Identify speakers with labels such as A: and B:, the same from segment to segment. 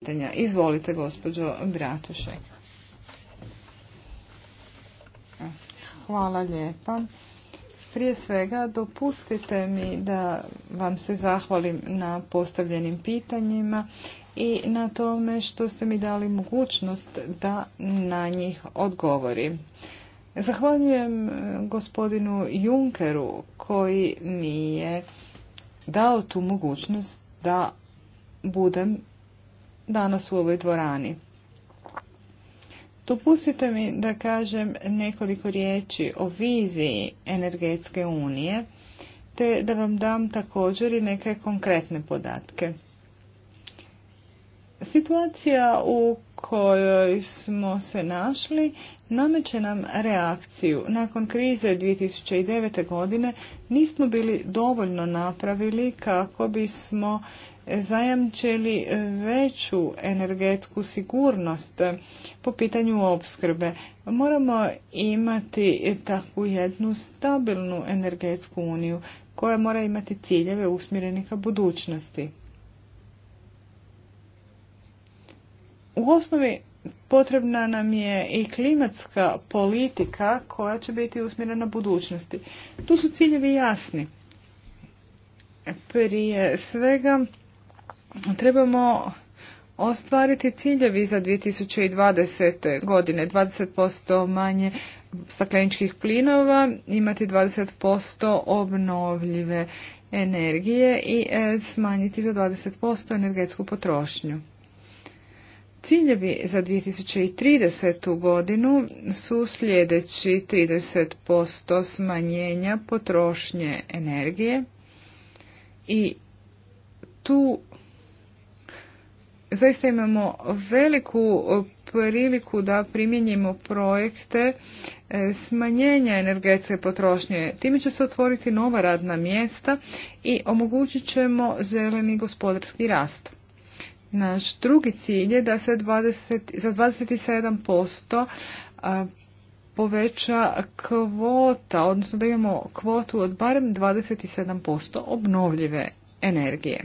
A: pitanja. Izvolite, gospođo Bratušek. Hvala lijepa. Prije svega dopustite mi da vam se zahvalim na postavljenim pitanjima i na tome što ste mi dali mogućnost da na njih odgovorim. Zahvaljujem e, gospodinu Junkeru koji mi je dao tu mogućnost da budem danas u ovoj dvorani. Dopustite mi da kažem nekoliko riječi o viziji energetske unije, te da vam dam također i neke konkretne podatke. Situacija u kojoj smo se našli nameće nam reakciju. Nakon krize 2009. godine nismo bili dovoljno napravili kako bismo zajamčili veću energetsku sigurnost po pitanju opskrbe. Moramo imati takvu jednu stabilnu energetsku uniju koja mora imati ciljeve usmjerenika ka budućnosti. U osnovi potrebna nam je i klimatska politika koja će biti usmjerena budućnosti. Tu su ciljevi jasni. Prije svega trebamo ostvariti ciljevi za 2020. godine 20% manje stakleničkih plinova, imati 20% obnovljive energije i e, smanjiti za 20% energetsku potrošnju. Ciljevi za 2030. godinu su sljedeći 30% smanjenja potrošnje energije i tu zaista imamo veliku priliku da primjenjimo projekte e, smanjenja energetske potrošnje. Time će se otvoriti nova radna mjesta i omogućit ćemo zeleni gospodarski rast. Naš drugi cilj je da se 20, za 27% poveća kvota, odnosno da imamo kvotu od barem 27% obnovljive energije.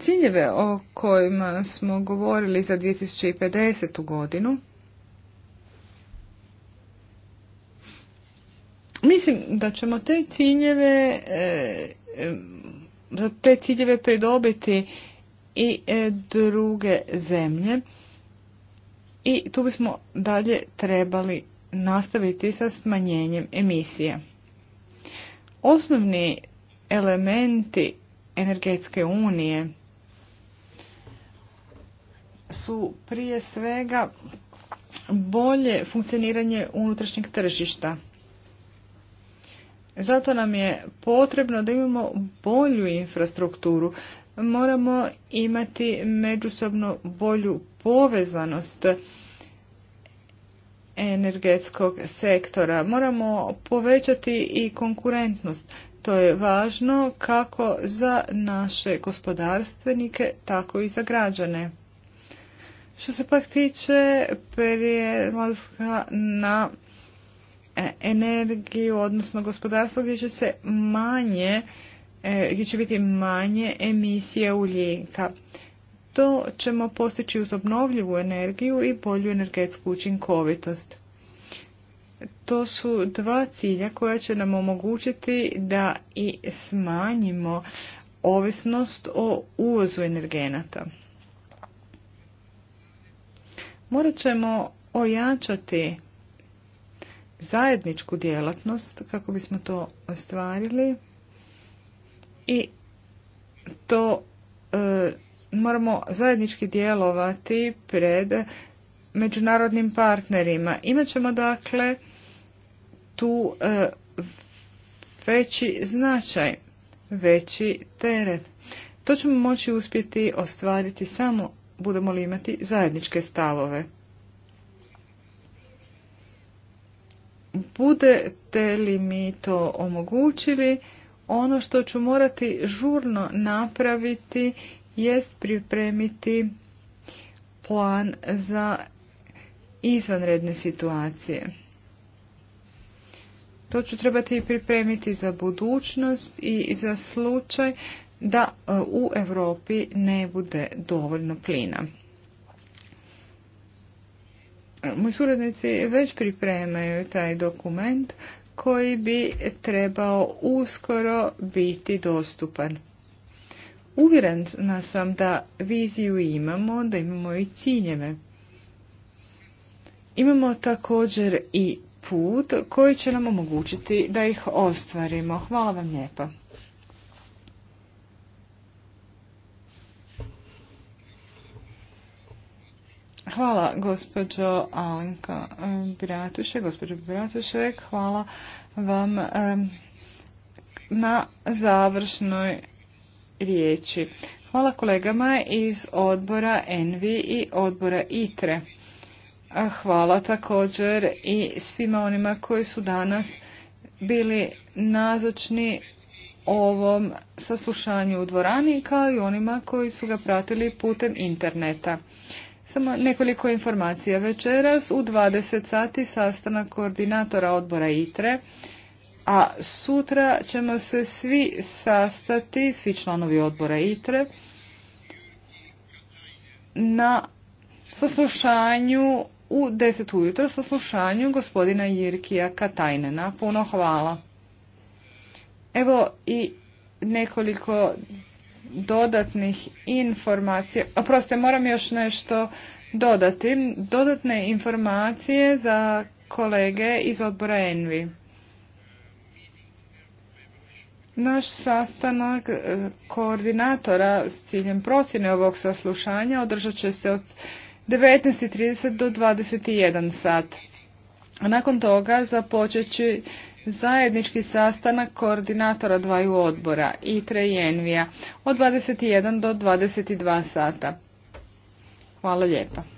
A: Ciljeve o kojima smo govorili za 2050. godinu Mislim da ćemo te ciljeve e, za te ciljeve pridobiti i e, druge zemlje. I tu bismo dalje trebali nastaviti sa smanjenjem emisije. Osnovni elementi energetske unije su prije svega bolje funkcioniranje unutrašnjeg tržišta. Zato nam je potrebno da imamo bolju infrastrukturu. Moramo imati međusobno bolju povezanost energetskog sektora. Moramo povećati i konkurentnost. To je važno kako za naše gospodarstvenike, tako i za građane. Što se pak tiče prijelazka na E, energiju, odnosno gospodarstvo gdje će se manje, e, gdje će biti manje emisije ugljika. To ćemo postići uz obnovljivu energiju i bolju energetsku učinkovitost. To su dva cilja koja će nam omogućiti da i smanjimo ovisnost o uvozu energenata. Morat ćemo ojačati zajedničku djelatnost kako bismo to ostvarili i to e, moramo zajednički djelovati pred međunarodnim partnerima. Imaćemo dakle tu e, veći značaj, veći teret. To ćemo moći uspjeti ostvariti samo budemo li imati zajedničke stavove. budete li mi to omogućili, ono što ću morati žurno napraviti jest pripremiti plan za izvanredne situacije. To ću trebati pripremiti za budućnost i za slučaj da e, u Europi ne bude dovoljno plina moji suradnici već pripremaju taj dokument koji bi trebao uskoro biti dostupan. Uvjerena sam da viziju imamo, da imamo i ciljeve. Imamo također i put koji će nam omogućiti da ih ostvarimo. Hvala vam lijepa. Hvala gospođo Alenka Bratuše. Gospođo Bratuše, hvala vam na završnoj riječi. Hvala kolegama iz odbora Envi i odbora ITRE. Hvala također i svima onima koji su danas bili nazočni ovom saslušanju u dvorani kao i onima koji su ga pratili putem interneta. Samo nekoliko informacija. Večeras u 20 sati sastanak koordinatora odbora ITRE, a sutra ćemo se svi sastati, svi članovi odbora ITRE, na saslušanju u 10 ujutro saslušanju gospodina Jirkija Katajnena. Puno hvala. Evo i nekoliko dodatnih informacija. Oprostite, moram još nešto dodati. Dodatne informacije za kolege iz odbora Envi. Naš sastanak e, koordinatora s ciljem procjene ovog saslušanja održat će se od 19.30 do 21 sat. A nakon toga započeći zajednički sastanak koordinatora dvaju odbora ITRE i ENVIA od 21 do 22 sata. Hvala lijepa.